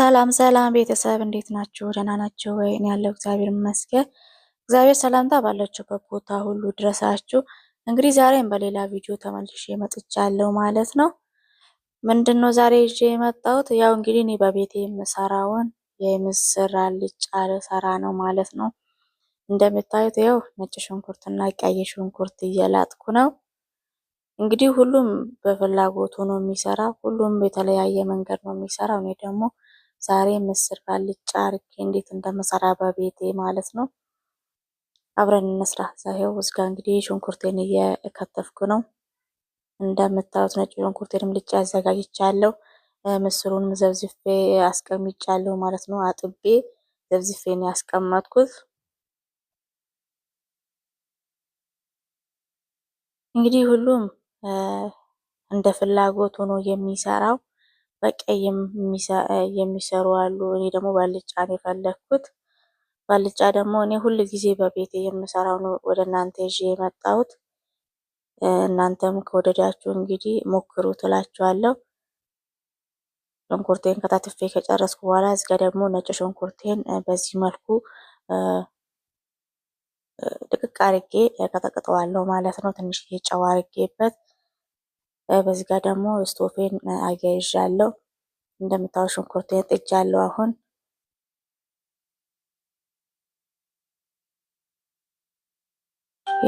ሰላም ሰላም ቤተሰብ እንዴት ናችሁ? ደህና ናችሁ ወይ? እኔ ያለው እግዚአብሔር ይመስገን። እግዚአብሔር ሰላምታ ባላችሁበት ቦታ ሁሉ ድረሳችሁ። እንግዲህ ዛሬም በሌላ ቪዲዮ ተመልሼ መጥቻለሁ ማለት ነው። ምንድን ነው ዛሬ ይዤ የመጣሁት? ያው እንግዲህ እኔ በቤቴ የምሰራውን የምስር አልጫ ሰራ ነው ማለት ነው። እንደምታዩት ያው ነጭ ሽንኩርትና ቀይ ሽንኩርት እየላጥኩ ነው። እንግዲህ ሁሉም በፍላጎቱ ነው የሚሰራ። ሁሉም የተለያየ መንገድ ነው የሚሰራው። እኔ ደግሞ ዛሬ ምስር ባልጫ አርጌ እንዴት እንደምሰራ በቤቴ ማለት ነው። አብረን እንስራ። ዛሬው እዚጋ እንግዲህ ሽንኩርቴን እየከተፍኩ ነው። እንደምታዩት ነጭ ሽንኩርቴንም ልጬ አዘጋጅቻለሁ። ምስሩንም ዘብዝፌ አስቀምጫለሁ ማለት ነው። አጥቤ ዘብዝፌን ያስቀመጥኩት እንግዲህ ሁሉም እንደ ፍላጎት ሆኖ የሚሰራው በቀይ የሚሰሩ አሉ። እኔ ደግሞ በአልጫ ነው የፈለግኩት። በአልጫ ደግሞ እኔ ሁል ጊዜ በቤቴ የምሰራው ነው ወደ እናንተ ይዤ የመጣሁት። እናንተም ከወደዳችሁ እንግዲህ ሞክሩ ትላችኋለሁ። ሽንኩርቴን ከታትፌ ከጨረስኩ በኋላ እዚጋ ደግሞ ነጭ ሽንኩርቴን በዚህ መልኩ ድቅቅ አርጌ ቀጠቅጠዋለሁ ማለት ነው። ትንሽ ጨው አርጌበት በዚህ ጋር ደግሞ ስቶፌን አያይዣለሁ። እንደምታዩት ሽንኩርቴን ጥጃለሁ አሁን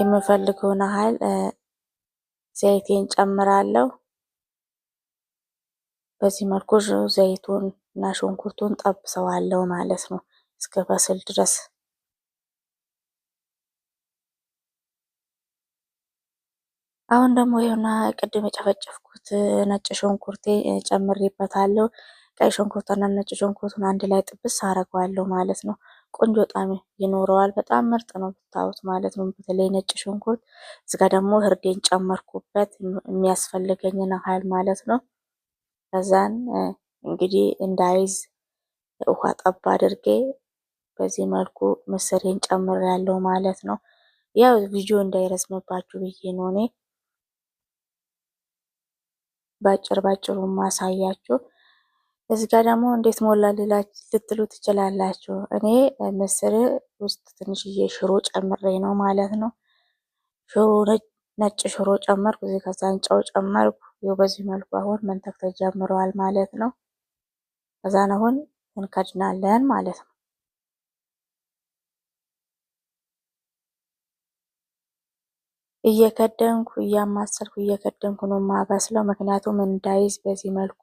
የምፈልገውን ያህል ዘይቴን ጨምራለሁ። በዚህ መልኩ ዘይቱን እና ሽንኩርቱን ጠብሰዋለሁ ማለት ነው እስከ በስል ድረስ አሁን ደግሞ የሆነ ቅድም የጨፈጨፍኩት ነጭ ሽንኩርቴ ጨምሬበታለሁ። ቀይ ሽንኩርትና ነጭ ሽንኩርቱን አንድ ላይ ጥብስ አረገዋለሁ ማለት ነው። ቆንጆ ጣዕም ይኖረዋል። በጣም ምርጥ ነው ብታዩት ማለት ነው። በተለይ ነጭ ሽንኩርት። እዚጋ ደግሞ ህርዴን ጨመርኩበት የሚያስፈልገኝን ያህል ማለት ነው። ከዛን እንግዲህ እንዳይዝ ውሃ ጠብ አድርጌ በዚህ መልኩ ምስሬን ጨምር ያለው ማለት ነው። ያው ቪዲዮ እንዳይረዝምባችሁ ብዬ ነው እኔ ባጭር ባጭሩ ማሳያችሁ። እዚህ ጋር ደግሞ እንዴት ሞላ ልትሉ ትችላላችሁ። እኔ ምስር ውስጥ ትንሽዬ ሽሮ ጨምሬ ነው ማለት ነው። ሽሮ ነጭ ሽሮ ጨመርኩ። እዚህ ከዛን ጨው ጨመርኩ። ይኸው በዚህ መልኩ አሁን መንተክ ተጀምረዋል ማለት ነው። ከዛን አሁን እንከድናለን ማለት ነው። እየከደንኩ እያማሰርኩ እየከደንኩ ነው የማበስለው። ምክንያቱም እንዳይዝ በዚህ መልኩ